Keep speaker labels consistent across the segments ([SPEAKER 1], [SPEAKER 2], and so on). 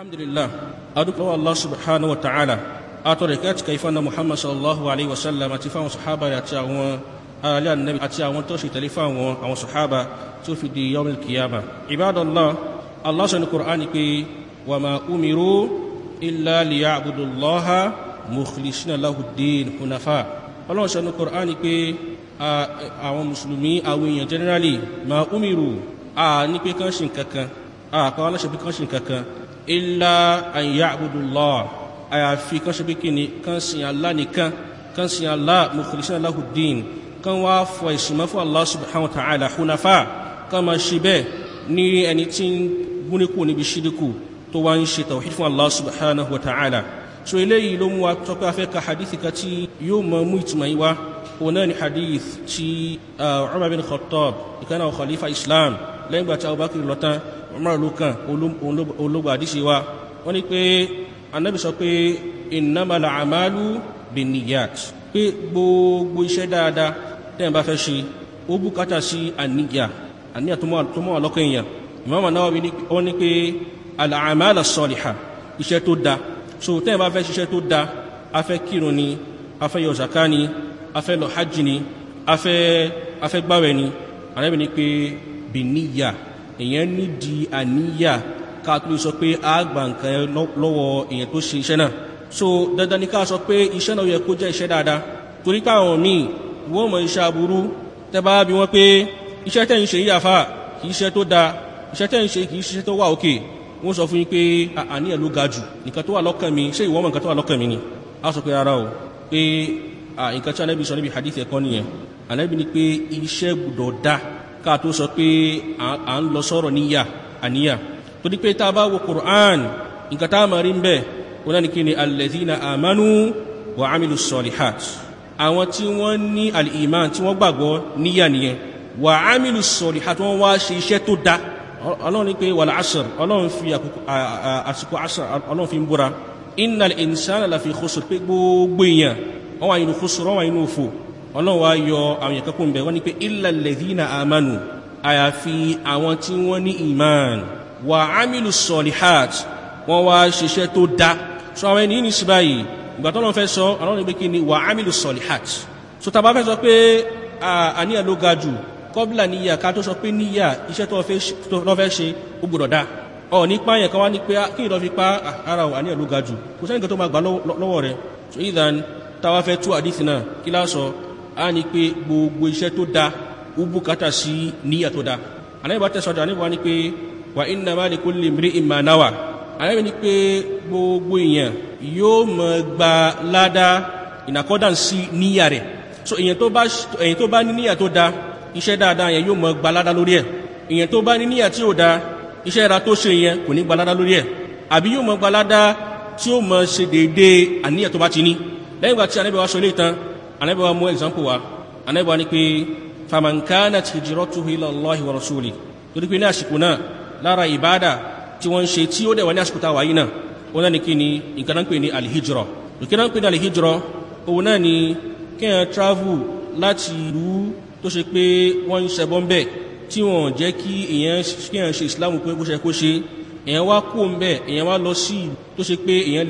[SPEAKER 1] alhamdulillah adúpọ̀wọ̀ allah subhanahu wa ta'ala àtọ̀rẹ̀ kẹ́ẹ̀tìkà ìfọ́nà muhammad sallallahu alaihi wasallam àti fáwọn sahaba àti àwọn alẹ́ annabi àti àwọn tó ṣètẹ̀lé fáwọn àwọn sahaba tó fi di yawmil kiyama ibadallah allah sọ ní qur'ani pé wa ma umiru illa liya'budullaha mukhlisina lahu din hunafa ọlọ́run sọ ní qur'ani pé àwọn mùsùlùmí àwọn èèyàn generally ma umiru a ní pé kán ṣe nǹkan a kọ́ aláṣẹ pé kán ṣe nǹkan illa an ya'budullah àyàfi kan ṣe pé kí ni kan sìn Allah nìkan kan sìn Allah mukhlisina lahu ddin kan wá fọ ìsìnmọ́ fún Allah subhanahu wa ta'ala hunafa kan máa ṣe bẹ́ẹ̀ ní ẹni tí ń gúnníkù níbi ṣídíkù tó wá ń ṣe tawhid fún Allah subhanahu wa ta'ala so eléyìí ló mú wa tọ́pẹ́ afẹ́ ka hadith kan tí yóò mọ mú ìtumọ̀ yìí wá òun náà ni hadith tí uh, Umar bin Khattab ìkànnà khalifa Islam lẹ́yìn gbà tí Abubakar lọ tán umar lukan ológun àdíṣe wa wọ́n ní pé anábì sọ pé innamal a'malu binniyat pé gbogbo iṣẹ́ dáadáa tẹ́yìn bá fẹ́ ṣe ó bùkátà sí àníyà àníyà tó mọ́ àlọ́kọ̀ èèyàn Imam Nawawi wọ́n ní pé al-a'mal iṣẹ́ tó da so tẹ́yìn bá fẹ́ ṣiṣẹ́ tó da afẹ́ kírun ni afẹ́ yọ ni afẹ́ lọ hajj ni afẹ́ gbáwẹ̀ ni àrẹ́bìnrin pé bìníyà èèyàn nídìí àníyà ká tó lè sọ pé a gbà nǹkan lọ́wọ́ èèyàn tó ṣe iṣẹ́ náà so dandan ni ká sọ pé iṣẹ́ náà yẹ kó jẹ́ iṣẹ́ dáadáa torí pé àwọn míì wọ́n mọ iṣẹ́ aburú tẹ́ bá bi wọ́n pé iṣẹ́ tẹ́ ń ṣe yíyà fà kì í ṣe tó dáa iṣẹ́ tẹ́ ń ṣe kì í ṣe tó wà òkè wọ́n sọ fún yín pé àníyàn ló ga jù nǹkan tó wà lọ́kàn mi ṣé ìwọ́n mọ̀ nǹkan tó wà lọ́kàn mi ni a sọ pé rárá o pé nǹkan tí Ànábì sọ níbi hadith ẹ̀kọ́ nìyẹn Ànábì ni pé iṣẹ́ gbọ́dọ̀ dáa ká tó sọ pé à ń lọ sọ́rọ̀ níyà àníyà tó ní pé tá a bá wo Qur'an nǹkan tá a máa rí ń bẹ̀ wọn náà ní kí ni alladhina amanu wa amilu salihat àwọn tí wọ́n ní al tí wọ́n gbàgbọ́ níyà nìyẹn wa amilu salihat wọ́n wá ṣe iṣẹ́ tó da ọlọ́run ní pé wal asr ọlọ́run fi àsìkò asr ọlọ́run fi ń búra innal insana lafi khusr pé gbogbo èèyàn wọ́n wà nínú khusr wọ́n wà nínú òfò ọlọ́run wá yọ àwọn èèyàn kankan bẹ̀ wọ́n ní pé illal ladhina amanu àyàfi àwọn tí wọ́n ní iman wa amilu solihat wọ́n wá ṣiṣẹ́ tó dá so àwọn ènìyàn ní síbáyì ìgbà tọ́lọ́run fẹ́ sọ ọlọ́run pé kí ni wa amilu solihat so tàbá fẹ́ sọ pé àníyàn ló ga jù kọ́bílà níyà ká tó sọ pé níyà iṣẹ́ tó fẹ́ ṣe ó gbọ́dọ̀ dá ọ̀ ní pààyàn kan wá ní pé ah, kí ìlọ́ fi pa ah, ara ò àníyàn ló ga jù kò sẹ́yìn kan tó máa gbà lọ́wọ́ rẹ̀ so ìdán táwa fẹ́ tú àdìsí náà kí láà a ní pé gbogbo iṣẹ́ tó da ó bùkátà sí níyà tó da anábìbá tẹ̀sọ̀dọ̀ anábìbá ní pé wà innama likulli imri'in ma nawa anábìbá ní pé gbogbo èèyàn yóò mọ̀ gba ládá in sí níyà rẹ̀ so èèyàn tó bá ní níyà tó da iṣẹ́ dáadáa yẹn yóò mọ̀ gba ládá lórí ẹ̀ èèyàn tó bá ní níyà tí ó da iṣẹ́ ra tó ṣe yẹn kò ní gba ládá lórí ẹ̀ àbí yóò mọ̀ gba ládá tí ó mọ̀ ṣe déédéé àníyàn tó bá ti ní lẹ́yìn ìgbà tí anábìbá sọ ilé ìtàn Ànábì wa mú example wa Ànábì wa ní pé famankana ti hijratuhu ila Allahi wa rasuli torí pé ní àsìkò náà lára ìbádà tí wọ́n ń ṣe tí ó dẹ̀ wà ní àsìkò táwa yìí náà òun náà ni kí ni nǹkan náà ń pè ní alihijra nǹkan náà ń pè ní alihijra òun ni kéèyàn travel láti ìlú tó ṣe pé wọ́n ń ṣẹbọ ń bẹ̀ tí wọ́n jẹ́ kí èèyàn kéèyàn ṣe ìsìláàmù pé kó ṣe kó ṣe èèyàn wá kó ń bẹ̀ èèyàn wá lọ sí ìlú tó ṣe pé èèyàn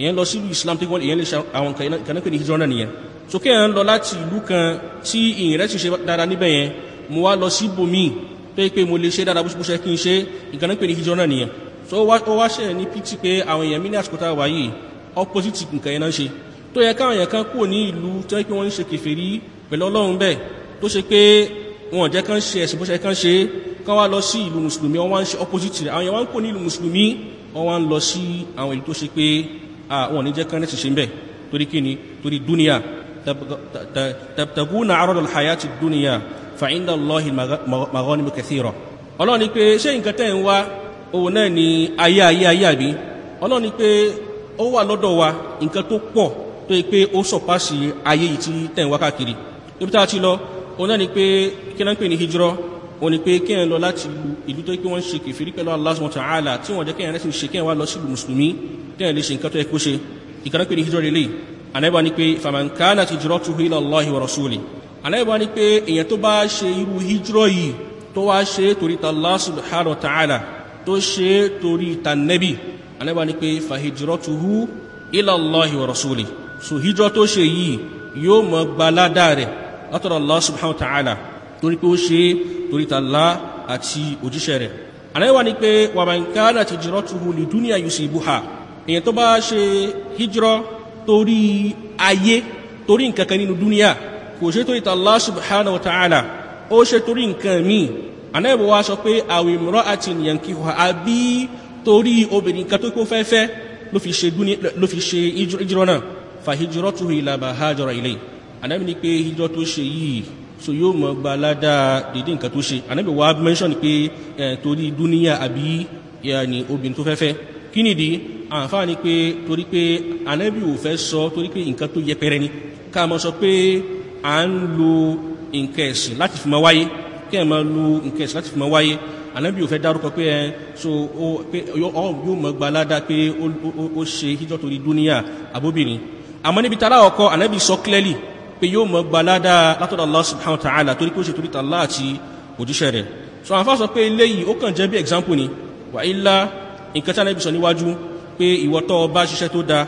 [SPEAKER 1] èyàn lọ sílùú islam tí wọ́n èyàn lè àwọn kanáà ní hijrọ́nà nìyẹn so kí èyàn lọ láti ìlú kan tí ìyìn rẹ̀ ti ṣe dára níbẹ̀ yẹn mo wá lọ sí bomi tó yẹ pé mo lè ṣe dára bó ṣe kí n ṣe ìkanáà ní hijrọ́nà nìyẹn so ó wá ṣẹ̀ ní pt pé àwọn èyàn mi ní àsìkò tá a wà yìí opposite nǹkan yẹn náà ṣe tó yẹ káwọn èyàn kan kúrò ní ìlú tó yẹ pé wọ́n ń ṣe kèfèrí pẹ̀lú ọlọ́run bẹ́ẹ̀ tó ṣe pé wọn jẹ́ kán ṣe ẹ̀sìn bó ṣe kán ṣe kán wá lọ sí ìlú mùsùlùmí wọ́n wá ń ṣe opposite rẹ̀ àwọn èyàn wá ń kúrò ní ìlú mùsùlùmí wọ́n wá ń lọ sí àwọn ìlú tó ṣe pé àwọn ah, ní jẹ́ kán ní ṣiṣẹ́ ń bẹ̀ torí kí ni torí dúníyà tabtaguna arọ́dọ̀ hayati dúníyà fa inda Allahi maghanimu kathira ọlọ́run ni pé ṣé nǹkan tẹ́ ń wá òun náà ni ayé ayé ayé àbí ọlọ́run ni pé ó wà lọ́dọ̀ wa nǹkan tó pọ̀ tó yẹ pé ó sọ̀páṣì ayé yìí tí tẹ̀ ń wá káàkiri ibi tá a ti lọ òun náà ni pé kí náà ń pè ní hijrọ́ òun ni pé kéèyàn lọ láti ìlú tó yẹ pé wọ́n ń ṣe kèfèrí pẹ̀lú Allah subhanahu wa ta'ala tí wọ́n jẹ́ kéèyàn lẹ́sìn ṣe kéèyàn wá lọ sílùú mùsùlùmí kéèyàn lè ṣe nǹkan tó yẹ kó ṣe ìkànnì pé ní hijrọ́ relé ànábì ní pé faman kanat hijratuhu ila Allahi wa rasulihi ànábì ní pé èèyàn tó bá ṣe irú hijrọ́ yìí tó wá ṣe torí ta Allah subhanahu wa tó ṣe torí ta nẹ́bì ànábì ní pé fa torí tàlá àti òjíṣẹ́ rẹ̀ àrẹ́wà ní pé wa man kanat hijratuhu li dunya yusibuha èyàn tó bá ṣe hijrọ́ torí ayé torí nkankan nínú dúníà kò ṣe torí tàlá subhanahu wa ta'ala ó ṣe torí nkan míì àrẹ́wà wá sọ pé àwẹ̀ imra'atin yankihuha àbí torí obìnrin kan tó kó fẹ́fẹ́ ló fi ṣe hijrọ́ náà fa hijratuhu ila ma hajara ilayhi àrẹ́wà ní pé hijrọ́ tó ṣe yìí so yóò mọ̀ gba ládàá dédé nǹkan tó ṣe ànábì wa mention pé torí dúníyà àbí ní obìnrin tó fẹ́fẹ́ kí nìdí àǹfààní pé torí pé ànábì ò fẹ́ sọ torí pé nǹkan tó yẹpẹrẹ ni ká mọ̀ sọ pé à ń lo nǹkan ẹ̀sìn láti fi máa wáyé kí ẹ̀ máa lo nǹkan ẹ̀sìn láti fi máa wáyé ànábì ò fẹ́ dárúkọ pé ẹ so ó pé yóò mọ̀ gba ládàá pé ó ṣe hijọ́ torí dúníyà àbóbìnrin àmọ́ níbi tá aláwọ̀ kọ́ ànábì sọ clearly pé yóò mọ̀ gbalada látọ̀dọ̀ Allah subhanahu wa ta'ala torí kó ṣe torí tàlá àti òjíṣẹ́ rẹ̀ so àwọn afásọ pé eléyìí ó kàn jẹ́ bí example ni wà ilá nǹkan tí anábì sọ níwájú pé ìwọ tó bá ṣiṣẹ́ tó da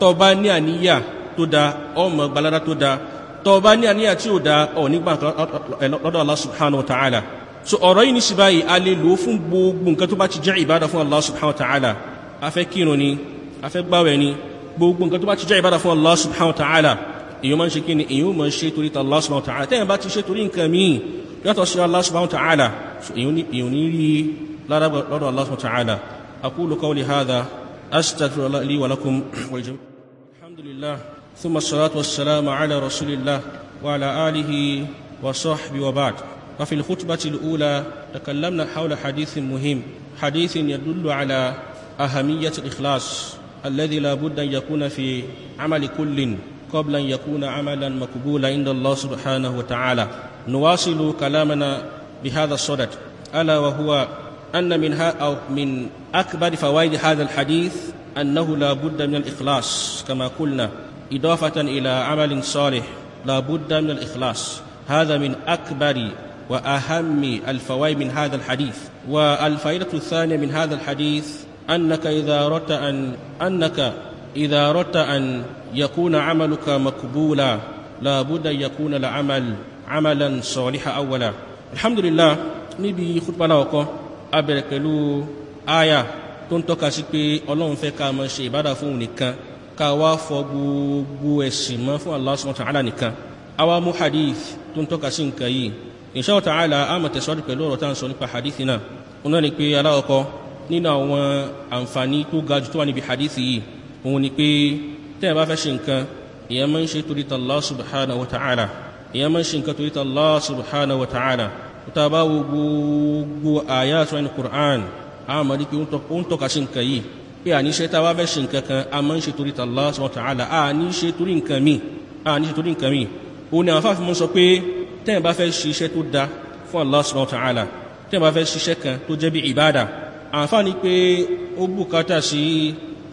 [SPEAKER 1] tó bá ní àníyà tó da ọmọ gbalada tó da tó bá ní àníyà tí ó da ọ̀ nígbà lọ́dọ̀ Allah subhanahu wa ta'ala so ọ̀rọ̀ yìí ní sí báyìí a lè lò fún gbogbo nǹkan tó bá ti jẹ́ ìbádà fún Allah subhanahu wa ta'ala afẹ́ kírun ni afẹ́ gbáwẹ̀ ni gbogbo nǹkan tó bá ti jẹ́ ìbádà fún Allah subhanahu wa ta'ala èyàn máa ń ṣe kí ni èyàn máa ṣe torí ta Allah subhanahu wa ta'ala tẹ́yìn bá ti ṣe torí nǹkan míì yàtọ̀ sí Allah subhanahu wa ta'ala èyàn ní rí lọ́dọ̀ Allah subhanahu wa ta'ala aqulu qawli hadha astaghfirullah li wa lakum wal jami' alhamdulillah thumma salatu wassalamu ala rasulillah wa ala alihi wa sahbihi wa ba'd وفي الخطبة الأولى تكلمنا حول حديث مهم حديث يدل على أهمية الإخلاص الذي لا بد أن يكون في عمل كل قبل أن يكون عملا مقبولا عند الله سبحانه وتعالى نواصل كلامنا بهذا الصدد ألا وهو أن من أو من أكبر فوائد هذا الحديث أنه لا بد من الإخلاص كما قلنا إضافة إلى عمل صالح لا بد من الإخلاص هذا من أكبر وأهم الفوائد من هذا الحديث والفائدة الثانية من هذا الحديث أنك إذا أردت أن أنك إذا أردت أن يكون عملك مقبولا لا بد أن يكون العمل عملا صالحا أولا الحمد لله níbi khutbala ọkọ a bẹ̀rẹ̀ pẹ̀lú aya tó ń tọ́ka sí pé ọlọ́run fẹ́ ká máa ṣe ìbádà fún òun nìkan ká wá fọ gbogbo ẹ̀sìn mọ́ fún Allah subhanahu wa ta'ala nìkan awa mú hadith tó ń tọ́ka sí nǹkan yìí insha Allah ta'ala a máa tẹ̀síwájú pẹ̀lú ọ̀rọ̀ tá à ń sọ nípa hadith náà òun náà ni pé aláwọ̀kọ nínú àwọn àǹfààní tó ga jù tó wà níbi hadith yìí òun ni pé tẹ́ ẹ bá fẹ́ ṣe nǹkan ìyẹn máa ń ṣe torí Allah subhanahu wa ta'ala ìyẹn máa ń ṣe nǹkan torí Allah subhanahu wa ta'ala tá a bá wo gbogbo àyà tó ẹni Qur'an a máa rí pé ó ń tọ́ka sí nǹkan yìí pé à ní ṣe tá bá fẹ́ ṣe nǹkan kan a máa ń ṣe torí Allah subhanahu wa ta'ala a ní ṣe torí nǹkan míì a ní ṣe torí nǹkan míì òun ni àwọn afáfin sọ pé tẹ́ ẹ bá fẹ́ ṣiṣẹ́ tó da fún Allah subhanahu wa ta'ala tẹ́ ẹ bá fẹ́ ṣiṣẹ́ kan tó jẹ́ bí ìbáàdà àǹfààní pé ó bùkátà sí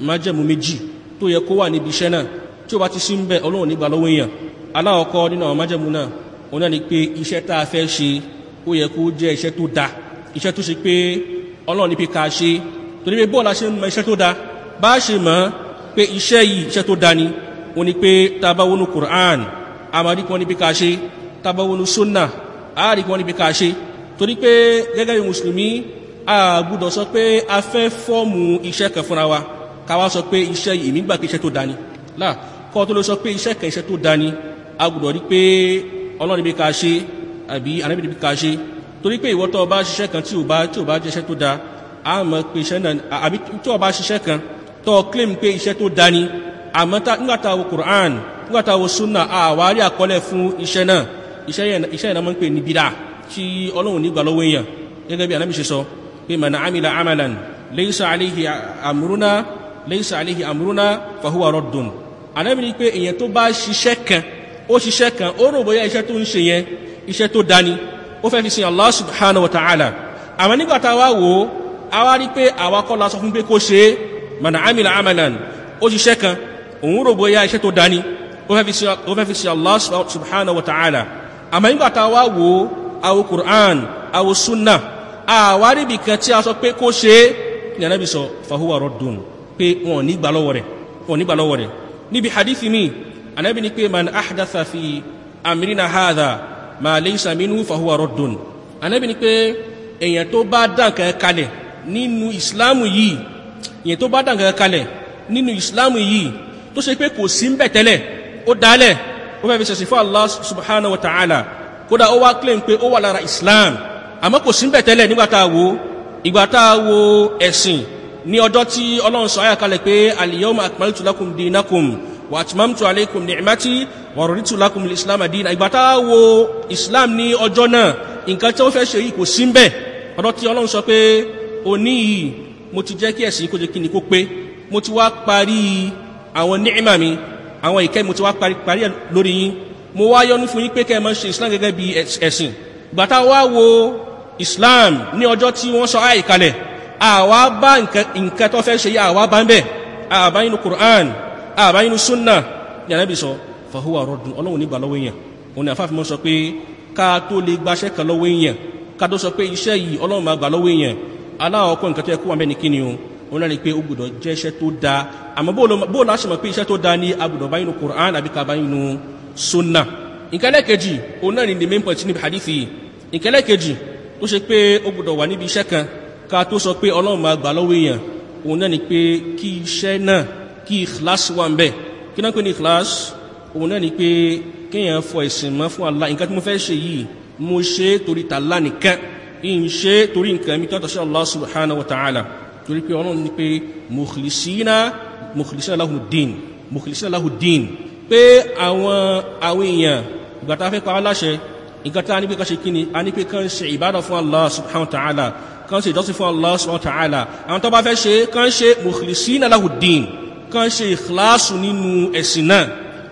[SPEAKER 1] májẹ̀mú méjì tó yẹ kó wà níbi iṣẹ́ náà tí ó bá ti sí ń bẹ̀ ọlọ́run nígbà lọ́wọ́ èèyàn aláwọ̀kọ́ nínú àwọn májẹ̀mú náà òun náà ni pé iṣẹ́ tá a fẹ́ ṣe ó yẹ kó jẹ́ iṣẹ́ tó da iṣẹ́ tó ṣe pé ọlọ́run ní pé ká ṣe torí pé bọ́ọ̀lá ṣe ń mọ iṣẹ́ tó da bá a ṣe mọ̀ pé iṣẹ́ yìí iṣẹ́ tó da ni ó ní pé tá a bá wọnú Qur'an a máa rí kí wọ́n ní pé ká ṣe tá a bá wọnú sunna a rí kí wọ́n ní pé ká ṣe torí pé gẹ́gẹ́ bí mùsùlùmí a gbúdọ̀ sọ pé a fẹ́ fọ́ọ̀mù iṣẹ́ kan fúnra wa káwá sọ pé iṣẹ́ yìí èmi gbà pé iṣẹ́ tó dání là kọ́ tó ló sọ pé iṣẹ́ kan iṣẹ́ tó dání a gbọ́dọ̀ rí pé ọlọ́run níbi ká ṣe àbí ànábì níbi ká ṣe torí pé ìwọ bá ṣiṣẹ́ kan tí o bá tí o bá jẹ́ iṣẹ́ tó da a mọ̀ pé iṣẹ́ náà àbí tí o bá ṣiṣẹ́ kan tó o claim pé iṣẹ́ tó dání àmọ́ nígbà tá a wo Quran nígbà tá a wo sunna àwárí àkọlẹ̀ fún iṣẹ́ náà iṣẹ́ yẹn iṣẹ́ yẹn náà máa ń pè ní bídà tí ọlọ́run nígbà lọ́wọ́ èèyàn gẹ́gẹ́ bí ànábì ṣe sọ pé man amila amalan laysa alayhi amruna laysa alayhi amruna fahuwa raddun ànábì ní pé èèyàn tó bá ṣiṣẹ́ kan ó ṣiṣẹ́ kan ó rò bóyá iṣẹ́ tó ń ṣe yẹn iṣẹ́ tó dání ó fẹ́ fi sin Allah subhanahu wa ta'ala àmọ́ nígbà tá a wá wò ó a wá rí pé àwa kọ́ la sọ fún pé kó ṣe é man amila amalan ó ṣiṣẹ́ kan òun rò bóyá iṣẹ́ tó dání ó fẹ́ fi sin Allah subhanahu wa ta'ala àmọ́ nígbà tá a wá wò ó àwo Qur'an àwo sunnah àwárí bìkan tí a sọ pé kó ṣe é ní anábì sọ fahuwa pé wọn ò ní gbà lọ́wọ́ rẹ̀ wọn ò ní gbà lọ́wọ́ rẹ̀ níbi hadithi mi anabi ni pé man ahdatha fi amrina hadha ma laysa minhu fahuwa raddun anabi ni pé èèyàn tó bá dànkẹ́ kalẹ̀ nínú ìsìláàmù yìí èèyàn tó bá dànkẹ́ kalẹ̀ nínú ìsìláàmù yìí tó ṣe pé kò sí ń bẹ̀ tẹ́lẹ̀ ó dálẹ̀ ó fẹ́ fi ṣẹ̀sìn fún allah subhanahu wa ta'ala kódà ó wá claim pé ó wà lára islam àmọ́ kò sí ń nígbà tá a wo ìgbà tá a wo ẹ̀sìn ní ọjọ́ tí ọlọ́run sọ ayàkalẹ̀ pé aliyahum akmaltu lakum dinakum wa atmamtu alaykum ni'mati wa raditu lakum islam adina ìgbà tá wo islam ní ọjọ́ náà nǹkan tí ó fẹ́ ṣe yìí kò sí mbẹ̀ ọjọ́ tí ọlọ́run sọ pé òní yìí mo ti jẹ́ kí ẹ̀sìn kó jẹ́ kí ni kó pé mo ti wá parí àwọn ni'ma mi àwọn ìkẹ́ mo ti wá parí ẹ̀ lórí yín mo wá yọ́nú fún yín pé kẹ́ ẹ máa ṣe islam gẹ́gẹ́ bí ẹ̀sìn ìgbà wá wo islam ní ọjọ́ tí wọ́n sọ ayàkalẹ̀ àwa bá nǹkan tó fẹ́ ṣe yí àwa bá ń bẹ̀ àbá inú Qur'an àbá inú súnà ní ànábì sọ fàhùwà rọdùn ọlọ́run nígbà lọ́wọ́ èèyàn òun ni àfáàfin mọ́ sọ pé ká tó lè gbaṣẹ́ kan lọ́wọ́ èèyàn ká tó sọ pé iṣẹ́ yìí ọlọ́run máa gbà lọ́wọ́ èèyàn aláwọ̀kọ́ nǹkan tó yẹ kó wà mẹ́ni kíni o òun náà ni pé ó gbọ́dọ̀ jẹ́ iṣẹ́ tó dáa àmọ́ bó la ṣe mọ̀ pé iṣẹ́ tó dáa ni agbọ́dọ̀ bá inú Qur'an àbí ká bá inú súnà nǹkan lẹ́ẹ̀kejì òun náà ni the main point níbi hadith yìí nǹkan lẹ́ẹ̀kejì tó ṣe pé ó gbọ́dọ̀ wà níbi iṣẹ́ kan ká tó sọ pé ọlọ́run máa gbà lọ́wọ́ èèyàn òun náà ni pé kí iṣẹ́ náà kí ikhlas wà ń bẹ̀ kí náà pé ní ikhlas òun náà ni pé kéèyàn fọ ìsìn mọ́ fún Allah nǹkan tí mo fẹ́ ṣe yìí mo ṣe torí tàlá nìkan ń ṣe torí nǹkan mi tọ́tọ̀ sí Allah subhanahu wa ta'ala torí pé ọlọ́run ni pé mukhlisina mukhlisina lahu din mukhlisina lahu din pé àwọn àwọn èèyàn ìgbà tá a fẹ́ pa aláṣẹ nǹkan tá a ní pé ká ṣe kí kan ṣe ìjọsìn fún Allah subhanahu wa ta'ala àwọn tó bá fẹ́ ṣe kan ṣe mukhlisina lahu ddin kan ṣe ìkìláàsù nínú ẹ̀sìn náà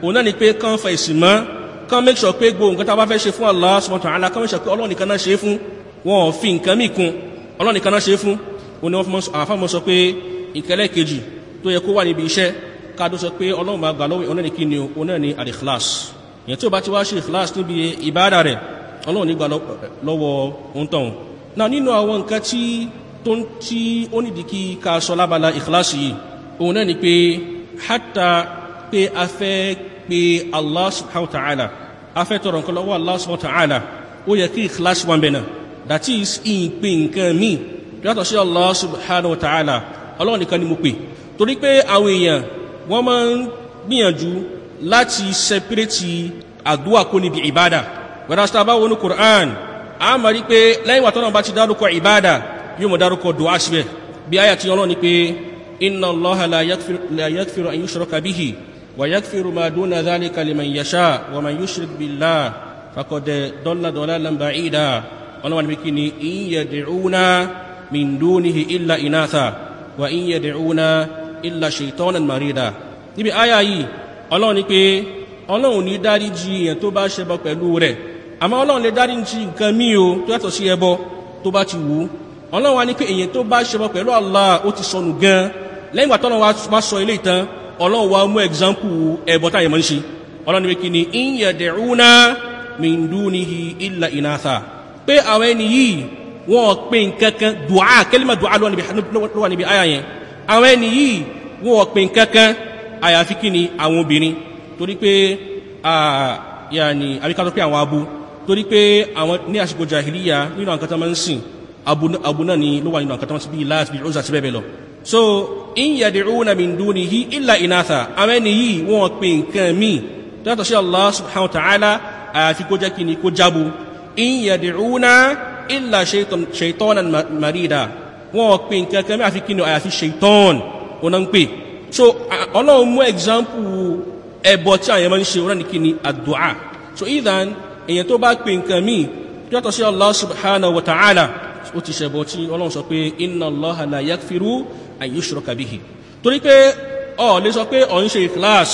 [SPEAKER 1] òun náà ni pé kan fa ẹ̀sìn mọ́ kan make sure pé gbogbo nǹkan tó bá fẹ́ ṣe fún Allah subhanahu wa ta'ala kan make sure pé Ọlọ́run nìkan náà ṣe fún wọn ò fi nǹkan míì kún Ọlọ́run nìkan náà ṣe fún òun ni wọ́n àfa mọ́ sọ pé ìkẹlẹ́ kejì tó yẹ kó wà níbi iṣẹ́ ká sọ pé Ọlọ́run bá gbà lọ́wọ́ náà nínú àwọn nǹkan tí tó ń tí ó nìdí kí ká sọ lábala ìkíláàsì yìí òun náà ni pé hátà pé a fẹ́ pé Allah subhanahu wa ta'ala a fẹ́ tọrọ nǹkan lọ́wọ́ Allah subhanahu wa ta'ala ó yẹ kí ìkíláàsì wà ń bẹ̀ náà that is ìpè nǹkan míì yàtọ̀ sí Allah subhanahu wa ta'ala ọlọ́run nìkan ni mo pè torí pé àwọn èèyàn wọ́n máa ń gbìyànjú láti separate àdúrà kó níbi ìbádà wẹ́dà sábà wọnú Qur'an a mọ̀ rí pé lẹ́yìn wàtọ́nà bá ti dárúkọ ìbáàdà yóò mọ̀ dárúkọ dùá síbẹ̀ bí àyà ti ọlọ́ ni pé inna Allaha la yaghfiru an yushraka bihi wa yaghfiru ma duna dhalika liman yìí ọlọ́wọ́n pé ọlọ́wọ́n ní dáríjì èèyàn tó bá ṣẹbọ pẹ̀lú rẹ̀ àmọ́ ọlọ́run lè dárí ní nǹkan mí o tó yàtọ̀ sí ẹbọ tó bá ti wù ú ọlọ́run wa ní pé èyàn tó bá ṣẹbọ pẹ̀lú Allah ó ti sọnù gan lẹ́yìn ìgbà tọ́lọ́run wa sọ ilé ìtàn ọlọ́run wa mú ẹ̀gzámpù ẹbọ táyẹ̀ mọ́ ń ṣe ọlọ́run wíkí ni in yad'una min dunihi illa inatha pé àwọn ẹni yìí wọ́n pè nkankan dùá kẹ́límà dùá lọ́wọ́ níbi àyà yẹn àwọn ẹni yìí wọ́n pè nkankan àyàfi kí ni àwọn obìnrin torí pé yàní àbíkátọ́ pé àwọn abú torí pé àwọn ní àsìkò jahiliya nínú àwọn kátà máa ń sìn abúná ni ló wà nínú àwọn kátà máa láti bíi ọ̀sà sí bẹ́ẹ̀ lọ so in yad'una min dunihi illa inatha àwọn ẹni yìí wọ́n pe nǹkan míì tọ́tọ̀ sí Allah subhanahu wa ta'ala àfi kó jẹ́ kí ni kó jábu in yad'una illa shaytanan marida wọ́n pe nǹkan kan míì àfi kí ni àyàfi shaytan ọ̀nà ń pè so ọlọ́run mú example ẹbọ tí àyẹ̀mọ́ ń ṣe ọ̀nà ní kí ni àdúà so either èyàn tó bá pè nǹkan míì yàtọ̀ sí Allah subhanahu wa ta'ala ó ti ṣẹbọ tí ọlọ́run sọ pé inna Allaha la yaghfiru an yushraka bihi torí pé ọ lè sọ pé ọ ń ṣe ikhlas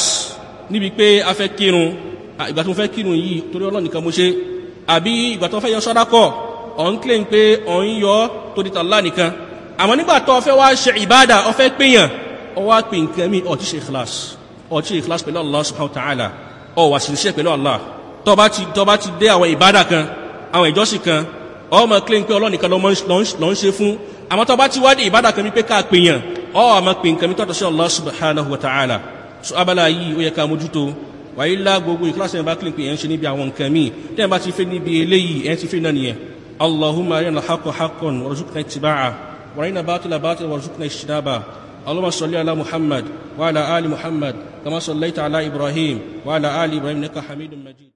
[SPEAKER 1] níbi pé a fẹ́ kírun ìgbà tó fẹ́ kírun yìí torí ọlọ́run nìkan mo ṣe àbí ìgbà tó fẹ́ yan sàdákà ọ ń claim pé ọ ń yọ torí tàlá nìkan àmọ́ nígbà tó fẹ́ wá ṣe ìbádà ọ fẹ́ pèyàn ọ wá pè nǹkan mi ọ ti ṣe ikhlas ọ ti ṣe ikhlas pẹ̀lú Allah subhanahu wa ta'ala ọ wà sí iṣẹ́ pẹ̀lú Allah tọba ti tọba ti dé àwọn ìbádà kan àwọn ìjọsìn kan ọmọ claim pé ọlọ́nìkan lọ ń ṣe fún àmọ́ tọba ti wádìí ìbádà kan wípé ká pèèyàn ọ àmọ́ pè nǹkan mi tọ́tọ̀ sí Allah subhanahu wa ta'ala so abala yìí ó yẹ ká mójútó wàyí lá gbogbo ìkíláṣẹ yẹn bá claim pé yẹn ń ṣe níbi àwọn nǹkan míì tẹ́ bá ti fẹ́ níbi eléyìí ẹ̀ ti fẹ́ náà nìyẹn Allahumma arina haqqa haqqan warzuqna ittiba'a wa arina batila batila warzuqna اللهم صل على محمد وعلى آل محمد كما صليت على إبراهيم وعلى آل إبراهيم إنك حميد مجيد